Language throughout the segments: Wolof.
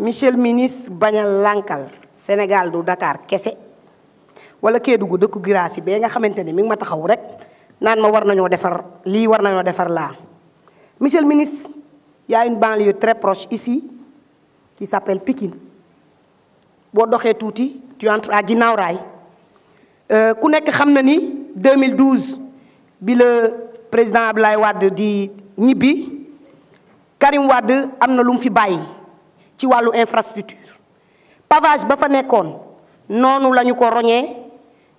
monsieur le ministre bañ a Sénégal du Dakar quest wala Voilà qui est du coup nga xamante Bien mi ngi ma taxaw rek nan ma war nañoo defar li war nañoo defar la. monsieur le ministre y a une banlieue très proche ici qui s'appelle Pikine boo doxee tu entres à ginnaaw raay euh, ku nekk xam ni 2012 bi le président Abdoulaye Wade di ñibbi Karim Wade am na lu mu fi ci walu infrastructure pavage ba fa nekkoon noonu la ko rogné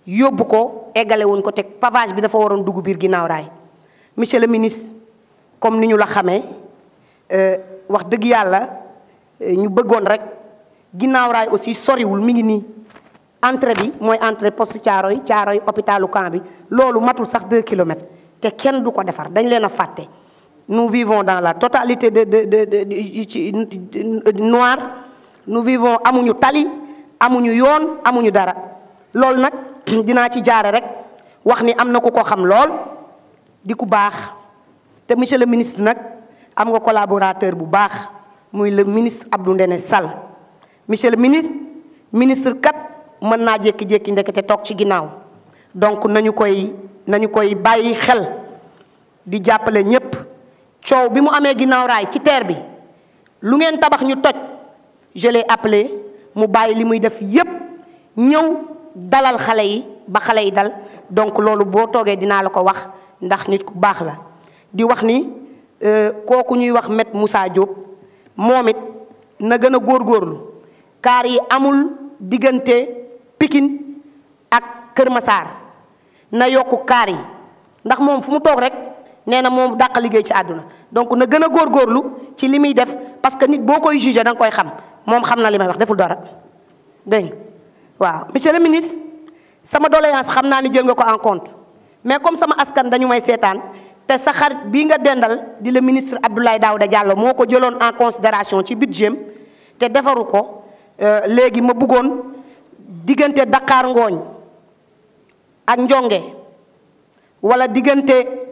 yóbbu ko égalé wuñ ko tek pavage bi dafa waroon dugg biir ginaaw ray monsieur le ministre comme niñu la la euh wax deug yalla euh, ñu bëggone rek ginaaw ray aussi soriwul mi ngi ni entrée bi moy entrée poste Thiaroye Thiaroye hôpitalu camp bi lolu matul sax 2 kilomètres té kenn du ko défar dañ leena faté nous vivons dans la totalité de, de, de, de noir nous vivons amuñu tali amuñu yoon amuñu dara Lol n'ak dina ci jaare rek wax ni am ko ko xam lol di ku bax te monsieur le ministre n'ak am nga collaborateur bu bax muy le ministre Abdou ndene Sal. monsieur le ministre ministre kat na naa jékki-jékki te tok ci ginaaw donc nañu koy nañu koy bayyi xel di jàppale ñepp ciow bi mu amé ginnaw ray ci terre bi lu ngeen tabax ñu toj je l'ai appelé mu bayyi limuy def yépp ñew dalal xalé yi ba xalé yi dal donc lolu bo togué dina la ko wax ndax nit ku bax la di wax ni euh, koku ñuy wax met Moussa Diop momit na gor yi amul digënté Pikine ak Kër Massar na yokku kaar yi ndax mom fu mu tok rek nee na moom dàq liggéey ci àdduna donc na gën a góorgóorlu ci li muy def parce que nit boo koy jugé da nga koy xam moom xam na li may wax deful dara dégg waaw monsieur le ministre sama doléance xam naa ni jël nga ko en compte mais comme sama askan dañu may seetaan te sa xarit bii nga dendal di la ministre Abdoulaye Daouda Diallo moo ko jëloon en considération ci budget te defaru ko euh, léegi ma bëggoon diggante daqaar ngooñ ak Njonge wala diggante.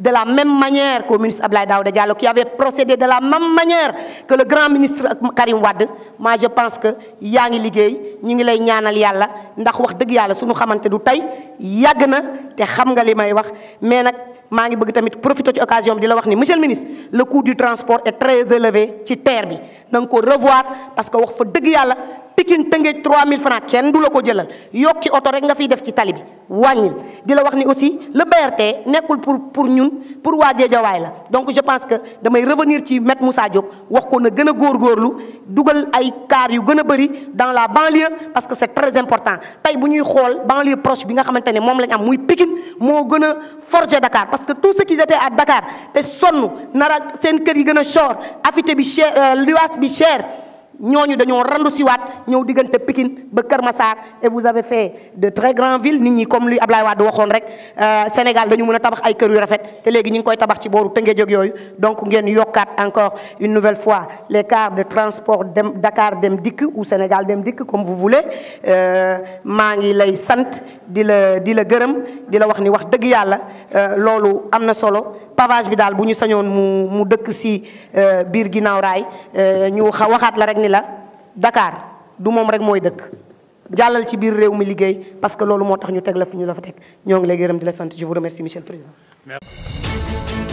de la même manière le ministre Ablaï Daouda qui avait procédé de la même manière que le grand ministre Karim Wade, moi je pense que yaa ngi Ningle ñu ngi lay ñaanal yàlla ndax wax dëgg yàlla xam nga mais ngi bëgg tamit profiter de occasion de monsieur le ministre le coût du transport est très élevé ci terre donc revoir parce que wax fa de yàlla Pikine Tëngéej 3000 francs ken du la ko jëlal yokki oto rek nga fi def ci tali bi wàññil di la wax ni aussi le BRT nekkul pour pour ñun pour waa Géejawaay la donc je pense que damay revenir ci met Moussa Diop wax ko na gën gor góorgóorlu dugal ay car yu gëna bëri dans la banlieue parce que c'est très important tay bu ñuy banlieue proche bi nga xamantene mom lañ am muy Pikine mo gëna forger Dakar parce que tout ce qui était à Dakar te sonn nara sen kër yi gëna a cher affité bi cher euh, luwaas bi cher ñooñu dañoo randu wat, ñëw diggante Pikine ba Kër Massar et vous avez fait de très grandes villes ni ni comme lui Abdoulaye Wade waxoon rek euh, Sénégal dañu mën tabac tabax ay kër yu rafet te léegi ñu ngi koy tabax ci booru Tëngéej yooyu donc encore une nouvelle fois les cars de transport dem Dakar dem dik ou Sénégal dem dik comme vous voulez euh, maa ngi lay sante, di la di la gërëm la wax ni wax dëgg yàlla euh, solo pavage bi daal bu ñu sañoon mu mu dëkk si euh, biir ginnaaw raay euh, ñu waxaat la rek ni la Dakar du moom rek mooy dëkk jàllal ci biir réew mi liggéey parce que loolu moo tax ñu teg la fi ñu la fa teg ñoo ngi lay gërëm di la sant je vous remercie monsieur le président.